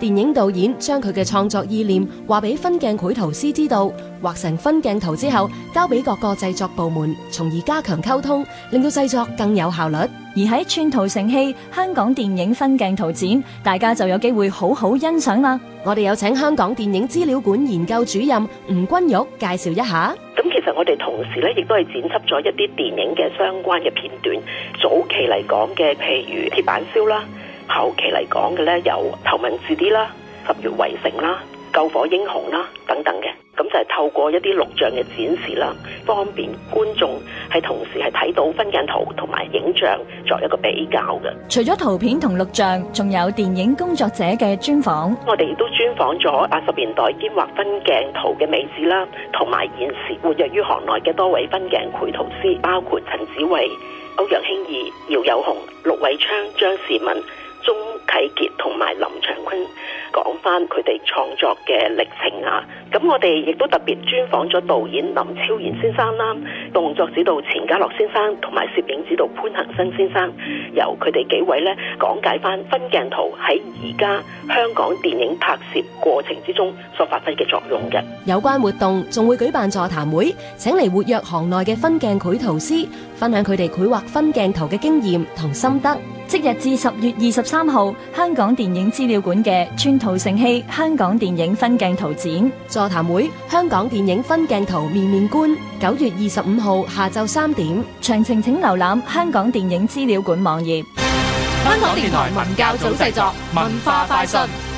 電影導演將佢嘅創作意念話俾分鏡繪圖師知道，畫成分鏡圖之後，交俾各個製作部門，從而加強溝通，令到製作更有效率。而喺串圖成戲，香港電影分鏡圖展，大家就有機會好好欣賞啦。我哋有請香港電影資料館研究主任吳君玉介紹一下。咁其實我哋同時咧，亦都係剪輯咗一啲電影嘅相關嘅片段，早期嚟講嘅，譬如鐵板燒啦。後期嚟講嘅咧，有《頭文字 D》啦，《十月圍城》啦，《救火英雄》啦等等嘅，咁就係透過一啲錄像嘅展示啦，方便觀眾係同時係睇到分鏡圖同埋影像作一個比較嘅。除咗圖片同錄像，仲有電影工作者嘅專訪。我哋亦都專訪咗八十年代兼畫分鏡圖嘅美子啦，同埋現時活躍於行內嘅多位分鏡繪圖師，包括陳子慧、歐陽興義、姚有紅、陸偉昌、張仕文、鍾啟傑同埋林長坤講翻佢哋創作嘅歷程啊，咁我哋亦都特別專訪咗導演林超賢先生啦，動作指導錢嘉樂先生同埋攝影指導潘恒生先生，由佢哋幾位咧講解翻分鏡頭喺而家香港電影拍攝過程之中所發揮嘅作用嘅。有關活動仲會舉辦座談會，請嚟活躍行內嘅分鏡繪圖師分享佢哋繪畫分鏡頭嘅經驗同心得。即日至十月二十三號，香港電影資料館嘅《川圖盛器》香港電影分鏡圖展座談會，《香港電影分鏡圖面面觀》九月二十五號下晝三點，詳情請瀏覽香港電影資料館網頁。香港電台文教組製作，文化快訊。